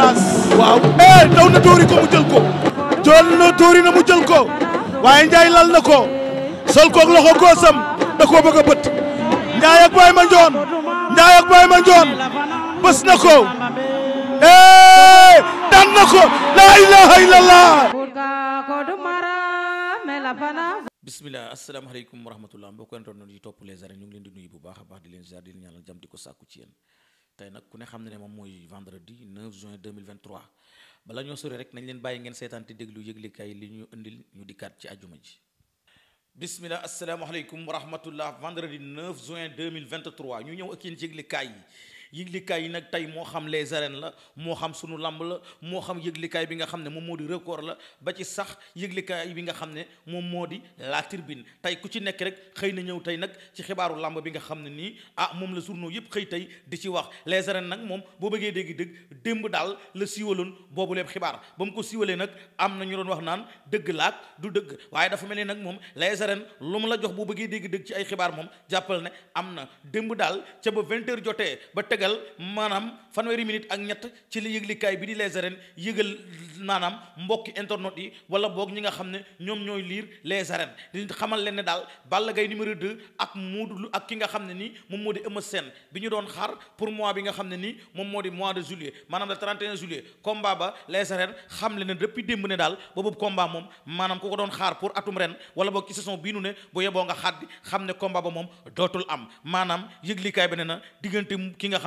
France. waaw eh daw na tóori ko mu jël ko. jël na tóori na mu jël ko. waaye Ndiaye lal na ko. sol koog loxo góosam da koo bëgg a bët. Ndiaye ak Baye Mandione. Ndiaye bës na ko. eh daan na ko. laa ilaha illallah. a baax di ko sàkku ci tey nag ku ne xam ne ne moom mooy vendredi 9 juin 2023 bala ñoo sori rek nañ leen bàyyi ngeen seetaan te déglu yëglikaay li ñu indil ñu dikkaat ci ajuma ji bismillah asalaamaaleykum wa rahmatullah vendredi 9 juin 2023 ñu ñëw ak yéen yëglikaay yi yëglikaay yi nag tey moo xam les arènes la moo xam sunu làmb la moo xam yëglikaay bi nga xam ne moom moo di record la ba ci sax yëglikaay bi nga xam ne moom moo di la tirbine tey ku ci nekk rek xëy na ñëw tey nag ci xibaaru lamb bi nga xam ne nii ah moom la journaux yëpp xëy tey di ci wax les arènes nag moom boo bëggee dégg dëgg démb daal la siiwaloon boobu lépp xibaar ba ko siiwalee nag am na ñu doon wax naan dëgg laak du dëgg waaye dafa mel ni nag moom les arènes lu mu la jox boo bëggee dégg dëgg ci ay xibaar moom jàppal ne am na démb daal ca ba vingt jotee ba teg tegal maanaam fanweeri minute ak ñett ci li yëglikaay bi di les arènes yëgal maanaam mbokki internet yi wala boog ñi nga xam ne ñoom ñooy liir les di xamal leen ne daal Balla Gaye numéro 2 ak Modou Lô ak ki nga xam ne nii moom moo di Eumeu Sène bi ñu doon xaar pour mois bi nga xam ne nii moom moo di mois de juillet maanaam le 31 juillet combat ba les arènes xam leen ne depuis démb ne daal boobu combat moom maanaam ku ko doon xaar pour atum ren wala boog ci saison bii nu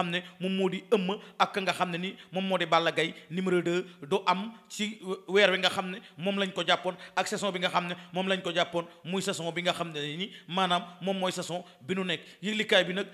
xam moom moo di ëmm ak nga xam ne ni moom moo di Balla Gaye numéro 2 du am ci weer wi nga xam ne moom lañ ko jàppoon ak saison bi nga xam ne moom lañ ko jàppoon muy saison bi nga xam ne nii maanaam moom mooy saison bi nu nekk yëglikaay bi nag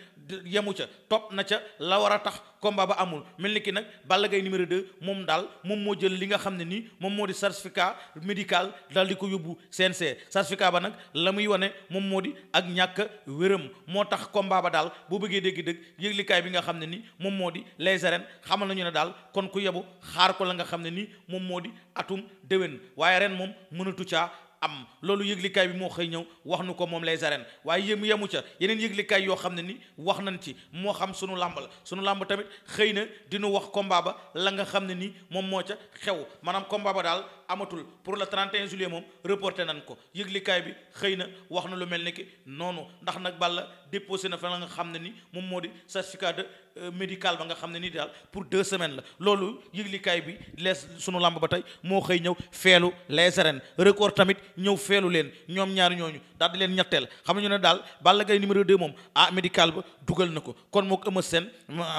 yemu ca topp na ca la war a tax combat ba amul mel ni ki nag Balla Gaye numéro de moom daal moom moo jël li nga xam ne nii moom moo di certificat médical daal di ko yóbbu CNC certificat ba nag la muy wane moom moo di ak ñàkk wéram moo tax combat ba daal boo bëggee dégg-dëgg yëglikaay bi nga xam ne ni moom moo di les arènes xamal nañu ne daal kon ku yebu xaar ko la nga xam ne nii moom moo di atum déwén waaye ren moom mënatu caa am loolu yëglikaay bi moo xëy ñëw wax nu ko moom lay arènes waaye yému yemu ca yeneen yëglikaay yoo xam ne ni wax nañ ci moo xam sunu làmb la sunu làmb tamit xëy na dinu wax combat ba la nga xam ne ni moom moo ca xew maanaam combat ba daal amatul pour le 31 juillet moom reporté nañ ko yëglikaay bi xëy na wax na lu mel ni ki noonu ndax nag Balla déposé na fa la nga xam ne ni moom moo di certificat de euh, médical ba nga xam ne ni daal pour deux semaines la loolu yëglikaay bi lees sunu làmb ba tey moo xëy ñëw feelu les arènes record tamit ñëw feelu leen ñoom ñaari ñooñu daal di leen ñetteel xam nañu ne daal Balla Gaye numéro 2 moom ah médical ba dugal na ko kon moo ko ëma seen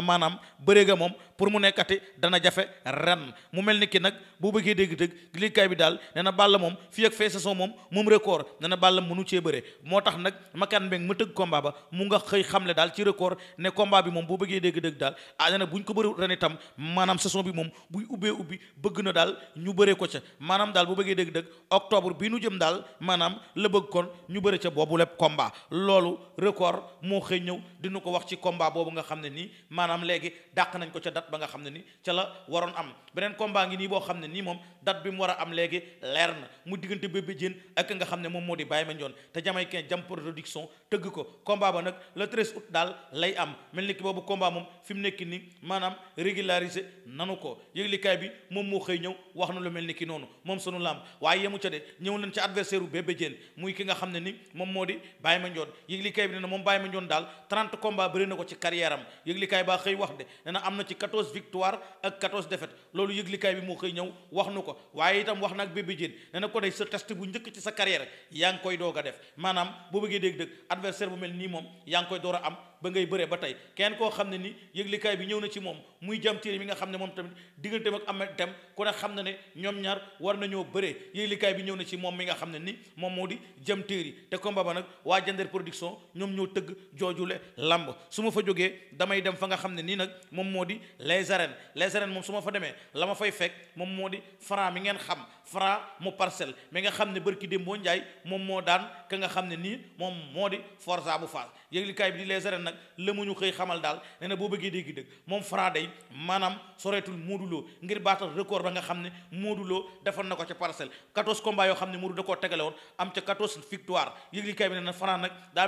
maanaam bëreega moom pour mu nekkati dana jafe ren mu mel ni ki nag boo bëggee dégg yëglikaay bi daal ne na moom fii ak fee saison moom moom record ne na Balla mënu cee bëre moo tax nag makan mbeng ma ne combat bi moom boo bëggee dégg-dégg daal ah ne na bu ñu bi moom buy ubbee bëgg na daal ñu bëree ko ca maanaam daal boo bëggee dégg-dégg octobre bi nu jëm daal maanaam la bëgg kon ñu bëri ca boobu lépp combat loolu record moo xëy ñëw dinu ko wax ci combat boobu nga xam ne nii maanaam léegi dàq nañ ko ca date ba nga xam ne ni ca la waroon am beneen combat ngi nii boo xam ne nii moom date bi mu war war a am léegi leer na mu diggante bébé jën ak nga xam ne moom moo di Baye Mandione te jamaïcain jam production tëgg ko combat ba lay am mel ni ki boobu moom fi mu nekk nii maanaam régularisé nanu ko yëglikaay bi moom moo xëy ñëw wax na lu mel ni ki noonu moom sunu làmb waaye yemu ca de ñëw nañ ci adversaire bu bébé jën ki nga xam ne ni moom moo di Baye Mandione yëglikaay bi ne na moom Baye Mandione daal 30 combat bëri na ko ci carrière am yëglikaay baa xëy wax de ne na am na ci 14 victoire ak 14 défaite loolu yëglikaay bi moo xëy ñëw wax nu ko waaye itam wax nag bébé Diène ne na ko day sa test bu njëkk ci sa carrière yaa ngi koy doog a def maanaam boo bëggee dégg-dëgg adversaire bu mel nii moom yaa ngi koy door a am ba ngay bëree ba tey kenn koo xam ne ni yëglikaay bi ñëw na ci moom muy jam téere mi nga xam ne moom tamit digganteem ak Ahmed Deme ku ne xam na ne ñoom ñaar war nañoo bëree yëglikaay bi ñëw na ci moom mi nga xam ne ni moom moo di jam yi te combat ba nag waa Jender production ñoom ñoo tëgg joojule lamb su ma fa jógee damay dem fa nga xam ne nii nag moom moo di les arènes les arènes moom su ma fa demee la ma fay fekk moom moo di franc mi ngeen xam franc mu parcelle mi nga xam ne bërki démboo njaay moom moo daan ka nga xam ne nii moom moo di forza bu faas nag la mu ñu xëy xamal daal nee na boo bëggee dégg dëgg moom Franc day maanaam soreetul Modou Lo ngir baatal record ba nga xam ne Modou Lo defoon na ko ca parcelle 14 combats yoo xam ne Modou da koo tegale woon am ca 14 victoire yëgli kay bi ne na Franc nag daa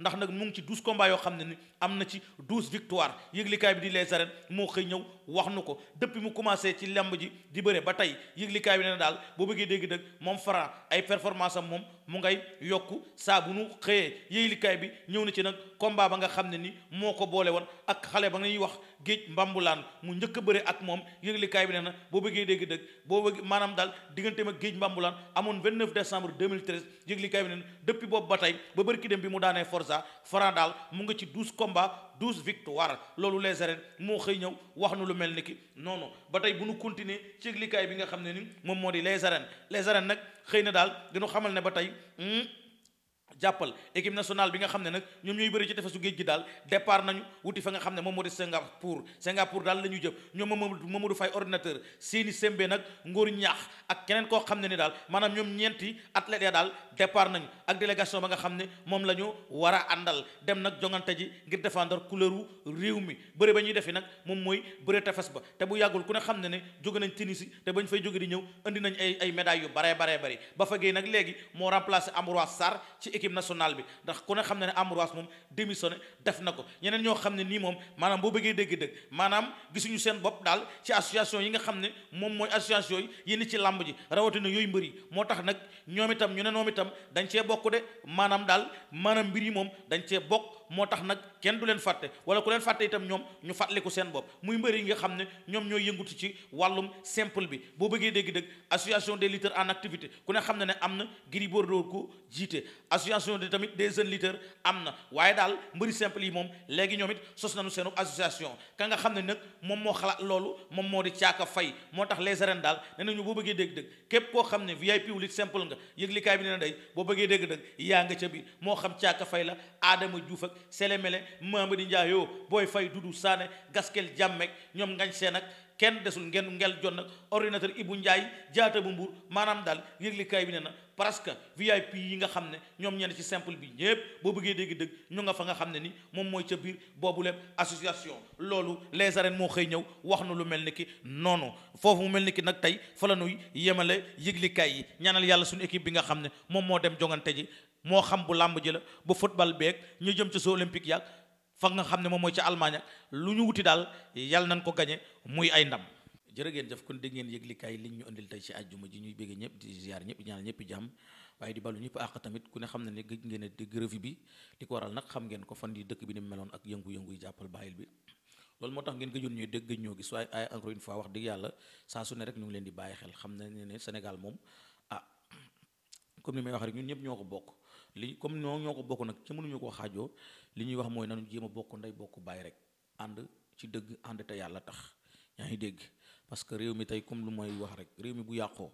ndax nag mu ci 12 combats yoo xam ne ni am na ci 12 victoire bi di les arènes moo xëy ñëw wax nu ko depuis mu commencé ci lamb ji di bëre ba tey yëglikaay bi ne na daal boo bëggee dégg dëgg moom Franc ay performance am moom mu ngay yokku saa bu nu xëyee yéylikaay bi ñëw na ci nag combat ba nga xam ne ni moo ko boole woon ak xale ba ngay wax géej mbambulaan mu njëkk a bëre ak moom yéglikaay bi nee na boo bëggee dégg dëgg boo bëgg maanaam daal diggante ak géej mbambulaan amoon 29 décembre 2013 yéglikaay bi nee na depuis boobu ba tey ba bërki dem bi mu daanee Forza Franc daal mu nga ci 12 combat douze victoire loolu les arènes moo xëy ñëw wax na lu mel ni ki noonu ba tey bu nu continuer ci likaay bi nga xam ne ni moom moo di les arènes les arènes nag xëy na daal dinu xamal ne ba tey hmm, jàppal équipe nationale bi nga xam ne nag ñoom ñooy bëri ci tefesu géej gi daal départ nañu wuti fa nga xam ne moom moo di Singapour Singapour koo xam ne ni daal maanaam ñoom ñeenti athlètes ya daal ba nga xam ne moom la ñu war a àndal dem nag jongante ji ngir défendre couleur u réew mi bëri ba ñuy defi nag moom mooy bëri tefes ba te bu yàggul ku ne xam ne ne jóge nañ Tunisie te bañ fay jóge di ñëw indi nañ ay ay médailles yu baree baree bëri ba fa géey nag léegi moo remplacé Ambroise Sarr ci équipe nationale bi ndax ku ne xam ne ne Ambroise moom démissionné def na ko ñeneen ñoo xam ne nii moom maanaam boo bëggee dégg-dëgg maanaam gisuñu seen bopp daal ci association yi nga xam ne moom mooy association yi yénn ci làmb ji rawatina yooyu mbër yi moo tax nag ñoom itam ñu ne ñoom itam dañ cee bokk de maanaam daal maanaam mbir yi moom dañ cee bokk moo tax nag kenn du leen fàtte wala ku leen fàtte itam ñoom ñu fàttaliku seen bopp muy mbëri nga xam ne ñoom ñooy yëngutu ci wàllum simple bi boo bëggee dégg-dëgg association des lutteurs en activité ku ne xam ne ne am na Gris Bordeaux ko jiite association de tamit des jeunes lutteurs am na waaye daal mbëri simple yi moom léegi ñoom it sos nañu seenu association ka nga xam ne nag moom moo xalaat loolu moom moo di caaka fay moo tax les arènes daal ne nañu boo bëggee dégg-dëgg képp koo xam ne VIP wu simple nga yëglikaay bi nee na day boo bëggee dégg-dëgg yaa nga ca bi moo xam caaka fay la Adama Diouf Sélémélé Mamadou Ndiaye yoo Boy Faye Doudou Sané Gaskel Jàmmeek ñoom ngañ seen ak kenn desul ngeen ngel jon nag ordinateur Ibou Ndiaye jaata bu mbuur maanaam daal yëglikaay bi ne na parce que VIP yi nga xam ne ñoom ñenn ci simple bi ñépp boo bëggee dégg dëgg ñu nga fa nga xam ne ni moom mooy ca biir boobu lépp association loolu les arènes moo xëy ñëw wax nu lu mel ni ki noonu foofu mu mel ni ki nag tey fa la nuy yemale yëglikaay yi ñaanal yàlla suñu équipe bi nga xam ne moom moo dem jongante ji moo xam bu làmb ji la ba football beeg ñu jëm ca soo olympique yàgg fa nga xam ne moom mooy ca Allemagne lu ñu wuti daal yàlla nañ ko gañe muy ay ndam jërë ngeen jëf kon dégg ngeen yëglikaay liñ ñu indil tey ci àjjuma ji ñuy bégge ñëpp di ziar ñëpp ñaan ñëpp jàmm waaye di ñëpp tamit ku ne xam ne ne gëj ngeen dégg revue bi li ko waral nag xam ngeen ko fan yi dëkk bi ni meloon ak yëngu-yëngu yi jàppal bàyyil loolu moo tax ngeen gëjoon ñuy dégg gëj ñoo gis waaye ay encore une fois wax dëgg yàlla saa su ne rek ñu ngi leen di bàyyi xel xam nañ ne Sénégal moom comme ni may wax rek ñun ñëpp ñoo ko bokk li comme ñoo ñoo ko bokk nag ci mënuñu ko xaajoo li ñuy wax mooy nanu jéem a bokk ndey bokk bàyyi rek ànd ci dëgg ànd te yàlla tax yaa ngi dégg parce que réew mi tey comme lu may wax rek réew mi bu yàqoo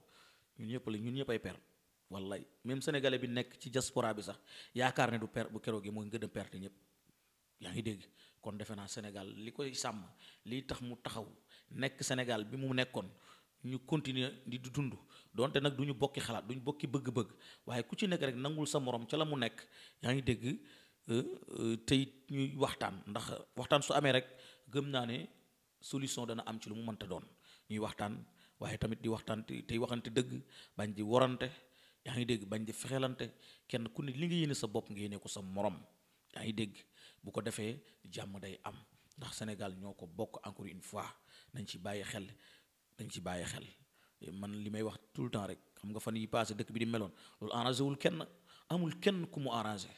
ñun ñëpp la ñun ñëpp ay perte wallaay même sénégalais bi nekk ci diaspora bi sax yaakaar ne du per bu keroog gi mooy ngën a perte ñëpp yaa ngi dégg kon defe naa Sénégal li koy sàmm li tax mu taxaw nekk Sénégal bi mu nekkoon ñu continuer du dund donte nag du ñu bokki xalaat duñu bokki bëgg-bëgg waaye ku ci nekk rek nangul sa morom ca la mu nekk yaa ngi dégg euh, euh, tey ñuy waxtaan ndax waxtaan su amee rek gëm naa ne solution dana am ci lu mu mënta doon ñuy waxtaan waaye tamit di waxtaan tey waxante dëgg bañ di warante yaa ngi dégg bañ di fexelante kenn ku ne li nga yéene sa bopp nga yéene ko sa morom yaa ngi dégg bu ko defee jàmm day am ndax Sénégal ñoo ko bokk encore une fois nañ ci bàyyi xel dañ ci bàyyi xel man li may wax tout le temps rek xam nga fa yi passé dëkk bi di meloon loolu arrangé wul kenn amul kenn ku mu arrangé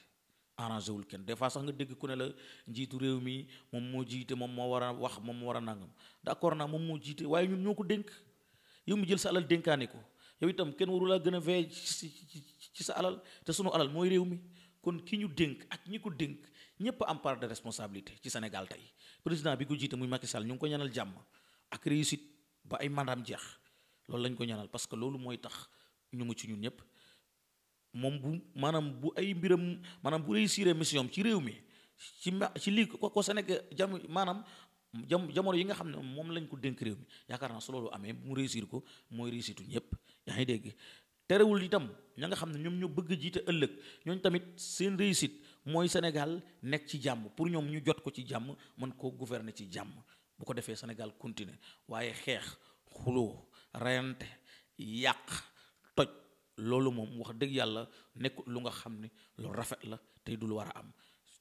arrangé wul kenn des fois sax nga dégg ku ne la njiitu réew mi moom moo jiite moom moo war a wax moom moo war a nangam d'accord naa moom moo jiite waaye ñun ñoo ko dénk yow mu jël sa alal dénkaane ko yow itam kenn warula gën a veillé ci sa alal te sunu alal mooy réew mi kon ki ñu dënk ak ñi ko dénk ñépp am part de responsabilité ci Sénégal tey président bi ko jiite muy Macky Sall ñu ngi ko ñaanal jàmm ba ay mandaam jeex loolu lañ ko ñaanal parce que loolu mooy tax ñu mu ci ñun ñëpp moom bu maanaam bu ay mbiram maanaam bu réussir mission ci réew mi ci ma ci lii ko ko Sénégal jam maanaam jam jamono yi nga xam ne moom lañ ko dénk yaakaar naa su loolu amee mu réussir ko mooy réussitu ñëpp yaa ngi dégg. terewul itam ña nga xam ne ñoom ñoo bëgg a jiite ëllëg ñooñu tamit seen réussite mooy Sénégal nekk ci jàmm pour ñoom ñu jot ko ci jàmm mën koo gouverner ci jàmm bu ko defee Sénégal continuer waaye xeex xuloo reyante yàq toj loolu moom wax dëgg yàlla nekkul lu nga xam ne lu rafet la tey dul war a am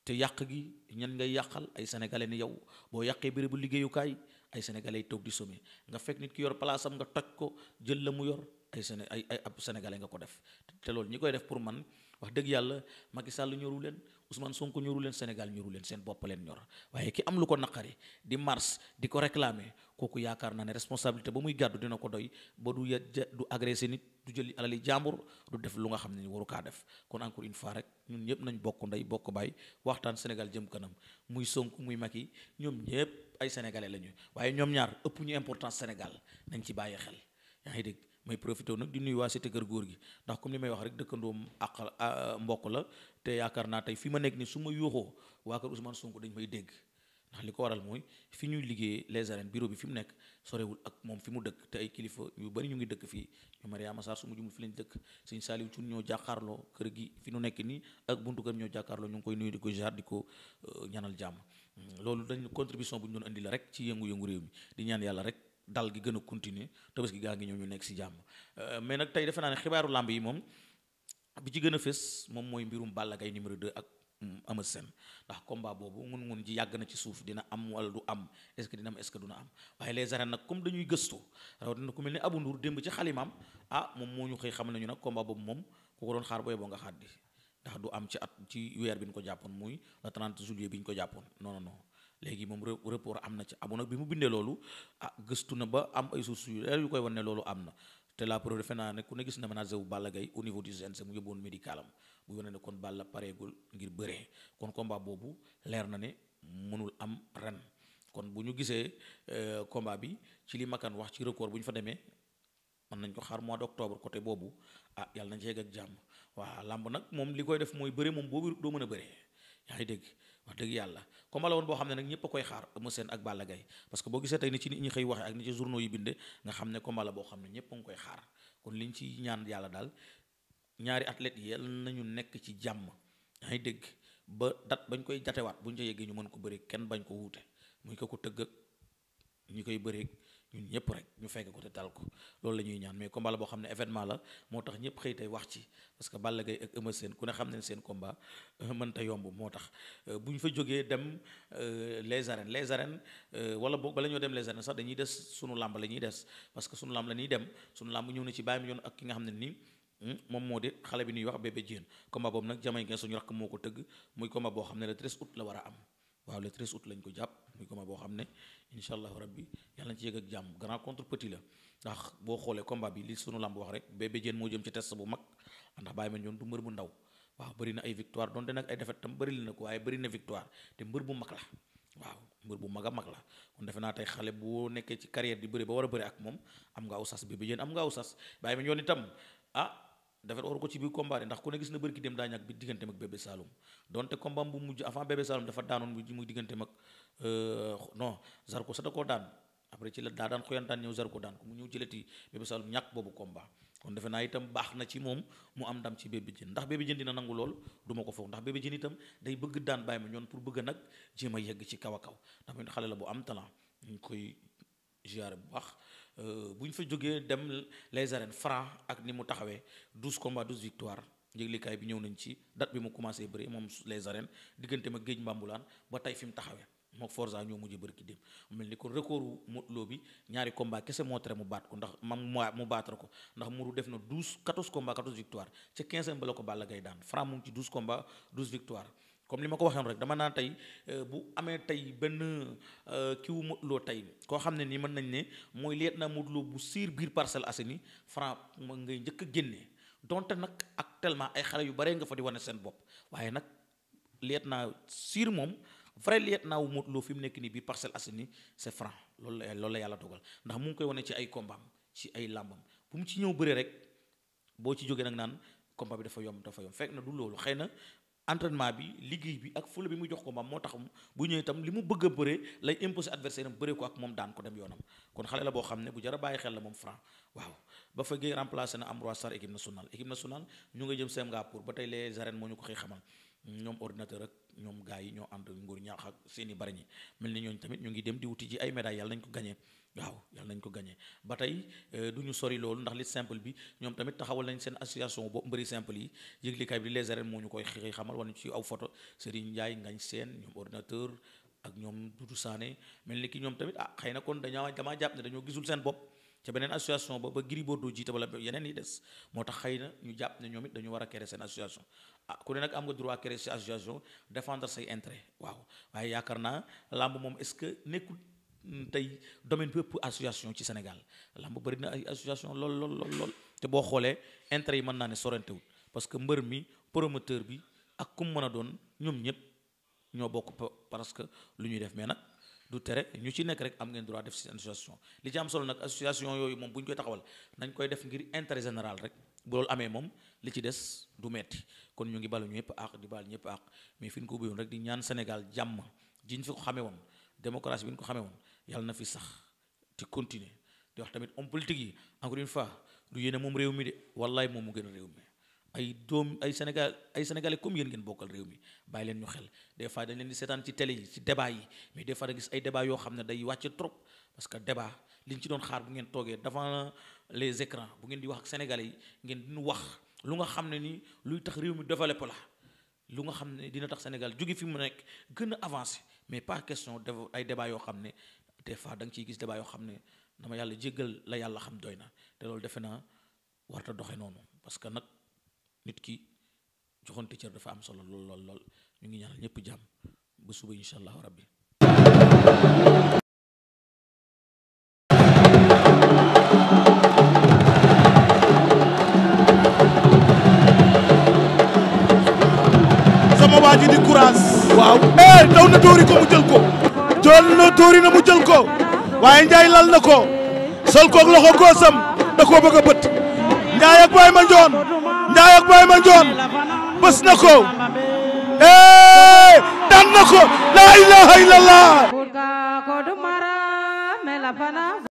te yàq gi ñan nga yàqal ay sénégalais ni yow boo yàqee bérébu liggéeyukaay ay sénégalais toog di sommer nga fekk nit ki yor place am nga toj ko jël la mu yor ay séné ay ay ab sénégalais nga ko def te loolu ñi koy def pour man wax dëgg yàlla Macky Sall ñoru leen Ousmane Sonko ñoru leen Sénégal ñoru leen seen bopp leen ñor waaye ki am lu ko naqari di mars di ko réclamer kooku yaakaar naa ne responsabilité ba muy gàddu dina ko doy ba du du agressé nit du jël jëli alali jàmbur du def lu nga xam ne ni waru kaa def kon encore une fois rek ñun ñëpp nañ bokk ndey bokk baay waxtaan Sénégal jëm kanam muy Sonko muy mag yi ñoom ñëpp ay sénégalais lañu waaye ñoom ñaar ëpp ñu importance Sénégal nañ ci bàyyi xel may profité nag di nuy waa cité kër góor gi ndax comme li may wax rek dëkkandoo ak ah, mbokk la te yaakaar naa tey fi ma nekk nii su ma yuuxoo waa kër Ousmane Sonko dañ may dégg ndax li ko waral mooy fi ñuy liggéey les arènes bureau bi fi mu nekk sorewul ak moom fi mu dëkk te ay kilifa yu bari ñu ngi dëkk fii ñu Mariama Sarr su ma jumul fi lañ dëkk sëñ Saliou Thioune ñoo jàkkaarloo kër gi fi nu nekk nii ak buntu kër ñoo jàkkaarloo ñu ngi koy nuyu di ko jaar di ko euh, ñaanal jàmm loolu dañ contribution bu ñu indi la rek ci yëngu-yëngu mi di ñaan yàlla rek dal gi gën a continuer tabaski gaa ngi ñëw ñu nekk si jàmm euh, mais nag tey defe naa ne xibaaru làmb yi moom bi ci gën a fës moom mooy mbirum Balla Gaye numéro 2 ak Ama mm, Sène ndax combat boobu ngun ngun ji yàgg na ci suuf dina am wala du am est-ce am est-ce que duna am waaye les arènes nag comme dañuy gëstu rawatina ku mel ne Abou Ndour ci xalimaam ah moom moo ñu xëy xam nañu nag combat boobu moom ku ko doon xaar booy boo nga xaar di ndax du am ci at ci weer bi ñu ko jàppoon muy le 30 juillet bi ñu ko jàppoon non non léegi moom rapport am na ci abu ah, nag bi mu bindee loolu ah gëstu na ba am ay sources yu koy wane loolu am na te la preuve defe ne ku ne gis na manager bu Balla Gaye au niveau du CNG mu yóbboon médical bu wane ne kon Balla pareegul ngir bëree kon combat boobu leer na ne mënul am ren kon bu ñu gisee euh, combat bi ci li makan wax ci record bu ñu fa demee mën nañ ko xaar mois d'octobre côté boobu ah yàlla nañ ci yegg ak jàmm waa làmb nag moom li koy def mooy bëre moom boobu doo mën a bëree yaa ngi dégg wax dëgg yàlla combat la boo xam ne nag ñëpp a koy xaar Eumeu ak Balla Gaye boo gisee tey nit ñi xëy waxee ak ni ci journaux yi binde nga xam ne combat boo xam ne ñëpp a koy xaar kon liñ ci ñaan yàlla daal ñaari athlètes yal nañu nekk ci jàmm yaa ngi ba dat bañ koy jatewaat buñ ca yeggee ñu mën ko bëri kenn bañ ko wuute muy ko ko tëgg ñu koy bëreeg ñun ñëpp rek ñu fekk ko te tal ko loolu la ñuy ñaan mais combat la boo xam ne événement la moo tax ñëpp xëy tey wax ci parce que Balla Gaye ak Eumeu seen ku ne xam ne seen combat mënta moo tax euh, bu ñu fa jógee dem euh, les arènes les arènes euh, wala boog bala ñoo dem les arènes sax des sunu làmb la ñuy des parce que sunu làmb la ñuy dem sunu làmb ñëw na ci bàyyi mi yoon ak ki nga xam ne nii hmm, moom moo di xale bi ñuy wax bébé Diène combat boobu nag jamay ngeen suñu rakk moo ko tëgg muy combat boo xam ne le 13 août la war a am waaw le 13 lañ ko jàpp muy combat boo xam ne incha allahu rabbi yàlla na ci yëg ak jàmm grand contre petit la ndax boo xoolee combat bi li sunu làmb wax rek bébé jeen moo jëm ci test bu mag ndax bàyyi ma ñoon du mbër bu ndaw waaam bëri na ay victoire donte nag ay défaite tam bëri na ko waaye bëri na victoire te mbër bu mag la waaw mbër bu mag a mag la kon defe naa tey xale bu nekkee ci carrière di bëri ba war a bëri ak moom am nga aw sas bébé jeen am nga aw sas bàyyi ma ñoon itam ah defet waru ko ci biir combat ndax ku ne gis na bërki dem daa ñàkk bi digganteem ak bébé Saloum donte combat bu mujj avant bébé Saloum dafa daanoon mu muy digganteem ak euh, non Zarko sa da koo daan après ci la daa daan xoyantaan ñëw Zarko daan ko mu ñëw jëlati bébé Saloum ñàkk boobu combat kon defe naa itam baax na ci moom mu am ndam ci bébé jën ndax bébé jën dina nangu lool duma ko foog ndax bébé jën itam day bëgg daan bàyyi ma ñoon pour bëgg nag jéem a yegg ci kaw a kaw ndax xale la bu am talent ñu koy ziare bu baax Euh, bu ñu fa jógee dem les arènes franc ak ni mu taxawee douze combats douze victoires yëglikaay bi ñëw nañ ci date bi mu commencé bëri moom les arènes diggante ma géej mbambulaan ba tey fi mu taxawee moo Forza ñoo mujj bëri ki dem mel ni ko record Modou Lo bi ñaari combat kese moo tere mu baat ko ndax mam mu baatara ko ndax mu muru def na douze quatorze combats quatorze victoires ca quinzième ba la ko Balla gay daan franc mu ngi ci douze combats douze comme li ma ko waxee rek dama naa tey euh, bu amee tey benn euh, kii wu tey koo xam ne nii mën nañ ne mooy leet na Modou Lo bu siir biir Parcelles Assainies Franc ngay njëkk a génne donte nag actuellement ay xale yu bare nga fa di wane seen bopp waaye nag leet naa siir moom vrai liet naa wu Modou Lo fi mu nekk nii biir Parcelles Assainies c'est Franc loolu la loolu la yàlla dogal ndax mu ngi koy wane ci ay kombaam ci ay làmbam bu mu ci ñëw bëree rek boo ci jógee nag naan combat bi dafa yomb dafa yomb fekk na du loolu xëy na entraînement bi liggéey bi ak fula bi mu jox ko maam moo tax bu ñëwee itam li mu bëgg a bëree lay imposé adversaire am bëree ko ak moom daan ko dem yoonam kon xale la boo xam ne bu jara bàyyi xel la moom franc waaw ba fa géey remplacé na Ambroise Sarr équipe nationale équipe nationale ñu nga jëm pour ba tey les arènes moo ñu ko xëy xamal ñoom ordinateur ak ñoom gars yi ñoo ànd nguur ñaax ak seen i bari ñi mel ni ñooñu tamit ñu ngi dem di wuti ci ay médailles yàlla ko gagné waaw yàlla nañ ko gagné ba tey euh, du ñu sori loolu ndax li simple bi ñoom tamit taxawal nañ seen association boobu mbëri simple yi yëglikaay bi les arènes moo ah, na kon dañaa damaa jàpp ne dañoo gisul seen bopp ca beneen association ba ba Gris Bordeaux jiite wala tax xëy na ñu jàpp ne ñoom it dañu war a créer seen association ah ku ne nag am nga say intérêt waaw waaye yaakaar naa làmb moom est-ce que nekkul Mm, tey domaine bi ëpp association ci Sénégal lamb bëri na ay association lool lool te boo xoolee intérêt yi mën naa ne sorantewul parce que mbër mi promoteur bi ak kum mën a doon ñoom ñëpp ñoo bokk parce que lu ñuy def mee nag du tere ñu ci nekk rek am ngeen droit def seen association li ci am solo nag association yooyu moom bu ñu koy taxawal nañ koy def ngir intérêt général rek bu loolu amee moom li ci des du metti kon ñu ngi balu ñëpp ak di bal ñëpp ak mais fi ñu ko ubbi woon rek di ñaan Sénégal jàmm jiñ fi ko xamee woon démocratie bi ñu ko xamee woon yal na fi sax te continuer di wax tamit homme politique yi encore une fois du yéene moom réew mi de wallaay moom mu gën a réew mi ay doom ay Sénégal ay sénégalais comme yéen ngeen bokkal réew mi bàyyi leen ñu xel des dañ leen di seetaan ci télé yi ci débat yi mais des fois da gis ay débat yoo xam ne day wàcc trop parce que débat liñ ci doon xaar bu ngeen toogee devant les écrans bu ngeen di wax ak sénégalais yi ngeen nu wax lu nga xam ne nii luy tax réew mi développé la lu nga xam ne dina tax Sénégal jóge fi mu nekk gën a avancé mais pas question de ay débat yoo xam ne te fois da nga ciy gis débat yoo xam ne dama yàlla jéggal la yàlla xam doy na te loolu defe naa warta doxe noonu parce que nag nit ki joxonte cër dafa am solo lool lool ñu ngi ñaanal ñëpp jàmm ba suba incha allahu rabbi waaw eh daw na dóori ko mu jël ko doon na tuuri na mu ko waaye Ndiaye lal na ko sol koog loxo góosam da koo bëgg a bët Ndiaye ak Baye Mandione Ndiaye ak Baye Mandione bës ko eh daan ko la ilaha illallah